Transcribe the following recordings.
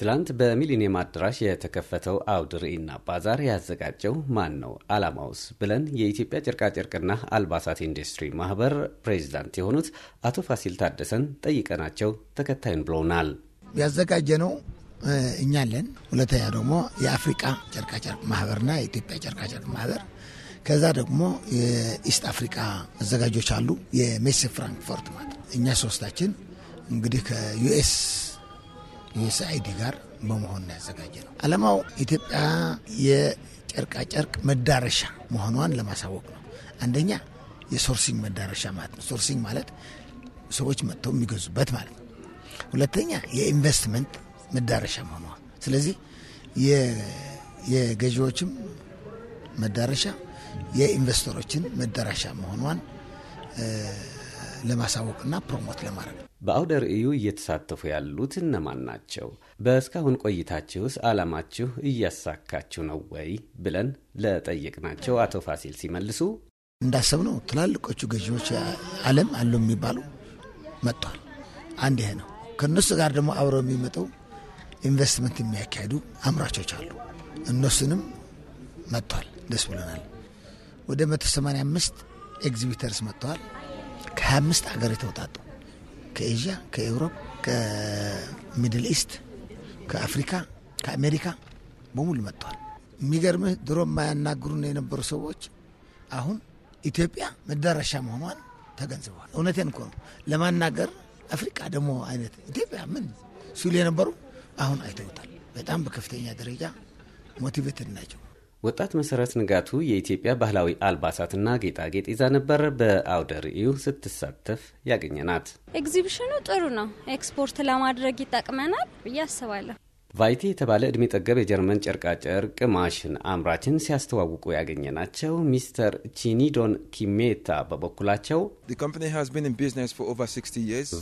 ትላንት በሚሊኒየም አዳራሽ የተከፈተው አውደ ባዛር ያዘጋጀው ማን ነው? አላማውስ? ብለን የኢትዮጵያ ጨርቃጨርቅና አልባሳት ኢንዱስትሪ ማህበር ፕሬዚዳንት የሆኑት አቶ ፋሲል ታደሰን ጠይቀናቸው ተከታዩን ብለውናል። ያዘጋጀ ነው እኛለን፣ ሁለተኛ ደግሞ የአፍሪቃ ጨርቃጨርቅ ማህበርና የኢትዮጵያ ጨርቃጨርቅ ማህበር ከዛ ደግሞ የኢስት አፍሪካ አዘጋጆች አሉ። የሜስ ፍራንክፎርት ማለት እኛ ሶስታችን እንግዲህ ከዩኤስ የሰአይዲ ጋር በመሆን ያዘጋጀ ነው። ዓላማው ኢትዮጵያ የጨርቃጨርቅ መዳረሻ መሆኗን ለማሳወቅ ነው። አንደኛ የሶርሲንግ መዳረሻ ማለት ነው። ሶርሲንግ ማለት ሰዎች መጥተው የሚገዙበት ማለት ነው። ሁለተኛ የኢንቨስትመንት መዳረሻ መሆኗ፣ ስለዚህ የገዢዎችም መዳረሻ የኢንቨስተሮችን መዳረሻ መሆኗን ለማሳወቅና ፕሮሞት ለማድረግ ነው። በአውደ ርዕዩ እየተሳተፉ ያሉት እነማን ናቸው? በእስካሁን ቆይታችሁስ ዓላማችሁ እያሳካችሁ ነው ወይ ብለን ለጠየቅናቸው አቶ ፋሲል ሲመልሱ እንዳሰብነው ትላልቆቹ ገዢዎች ዓለም አሉ የሚባሉ መጥቷል። አንድ ይሄ ነው። ከእነሱ ጋር ደግሞ አብረው የሚመጠው ኢንቨስትመንት የሚያካሂዱ አምራቾች አሉ። እነሱንም መጥቷል። ደስ ብሎናል። ወደ 185 ኤግዚቢተርስ መጥተዋል። ከ25 ሀገር የተውጣጡ ከኤዥያ፣ ከኤውሮፕ፣ ከሚድል ኢስት፣ ከአፍሪካ፣ ከአሜሪካ በሙሉ መጥተዋል። የሚገርምህ ድሮ የማያናግሩን የነበሩ ሰዎች አሁን ኢትዮጵያ መዳረሻ መሆኗን ተገንዝበዋል። እውነቴን እኮ ነው። ለማናገር አፍሪካ ደግሞ አይነት ኢትዮጵያ ምን ሲሉ የነበሩ አሁን አይተውታል። በጣም በከፍተኛ ደረጃ ሞቲቬትድ ናቸው። ወጣት መሰረት ንጋቱ የኢትዮጵያ ባህላዊ አልባሳትና ጌጣጌጥ ይዛ ነበር በአውደ ርዕዩ ስትሳተፍ ያገኘናት። ኤግዚቢሽኑ ጥሩ ነው፣ ኤክስፖርት ለማድረግ ይጠቅመናል ብዬ አስባለሁ። ቫይቲ የተባለ እድሜ ጠገብ የጀርመን ጨርቃጨርቅ ማሽን አምራችን ሲያስተዋውቁ ያገኘናቸው ሚስተር ቺኒዶን ኪሜታ በበኩላቸው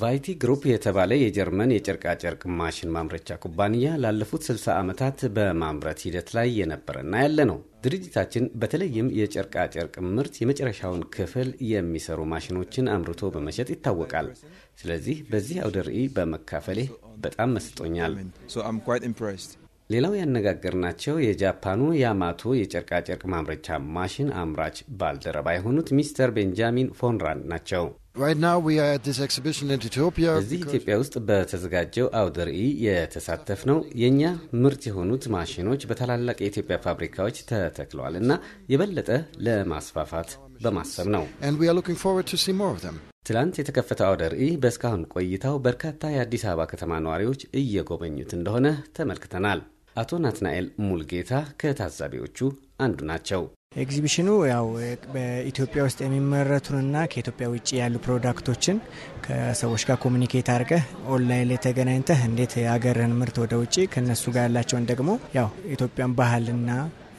ቫይቲ ግሩፕ የተባለ የጀርመን የጨርቃጨርቅ ማሽን ማምረቻ ኩባንያ ላለፉት 60 ዓመታት በማምረት ሂደት ላይ የነበረና ያለ ነው። ድርጅታችን በተለይም የጨርቃ ጨርቅ ምርት የመጨረሻውን ክፍል የሚሰሩ ማሽኖችን አምርቶ በመሸጥ ይታወቃል። ስለዚህ በዚህ አውደ ርዕይ በመካፈሌ በጣም መስጦኛል። ሌላው ያነጋገርናቸው የጃፓኑ ያማቶ የጨርቃጨርቅ ማምረቻ ማሽን አምራች ባልደረባ የሆኑት ሚስተር ቤንጃሚን ፎንራን ናቸው። እዚህ ኢትዮጵያ ውስጥ በተዘጋጀው አውደ ርዕይ ነው የእኛ ምርት የሆኑት ማሽኖች በታላላቅ የኢትዮጵያ ፋብሪካዎች ተተክለዋል እና የበለጠ ለማስፋፋት በማሰብ ነው። ትላንት የተከፈተው አውደ ርዕይ በእስካሁን ቆይታው በርካታ የአዲስ አበባ ከተማ ነዋሪዎች እየጎበኙት እንደሆነ ተመልክተናል። አቶ ናትናኤል ሙልጌታ ከታዛቢዎቹ አንዱ ናቸው። ኤግዚቢሽኑ ያው በኢትዮጵያ ውስጥ የሚመረቱንና ከኢትዮጵያ ውጭ ያሉ ፕሮዳክቶችን ከሰዎች ጋር ኮሚኒኬት አድርገህ ኦንላይን ላይ ተገናኝተህ እንዴት የሀገርህን ምርት ወደ ውጭ ከነሱ ጋር ያላቸውን ደግሞ ያው ኢትዮጵያን ባህልና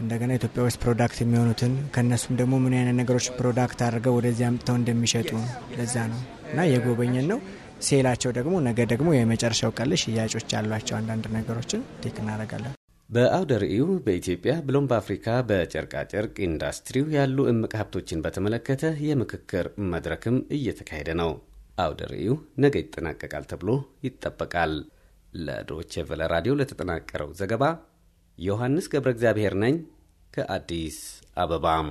እንደገና ኢትዮጵያ ውስጥ ፕሮዳክት የሚሆኑትን ከእነሱም ደግሞ ምን አይነት ነገሮች ፕሮዳክት አድርገው ወደዚህ አምጥተው እንደሚሸጡ ለዛ ነው እና የጎበኘን ነው። ሴላቸው ደግሞ ነገ ደግሞ የመጨረሻው ቀን ሽያጮች ያሏቸው አንዳንድ ነገሮችን ቴክ እናደርጋለን። በአውደ ርዕዩ በኢትዮጵያ ብሎም በአፍሪካ በጨርቃጨርቅ ኢንዱስትሪው ያሉ እምቅ ሀብቶችን በተመለከተ የምክክር መድረክም እየተካሄደ ነው። አውደ ርዕዩ ነገ ይጠናቀቃል ተብሎ ይጠበቃል። ለዶቼ ቨለ ራዲዮ ለተጠናቀረው ዘገባ ዮሐንስ ገብረ እግዚአብሔር ነኝ ከአዲስ አበባም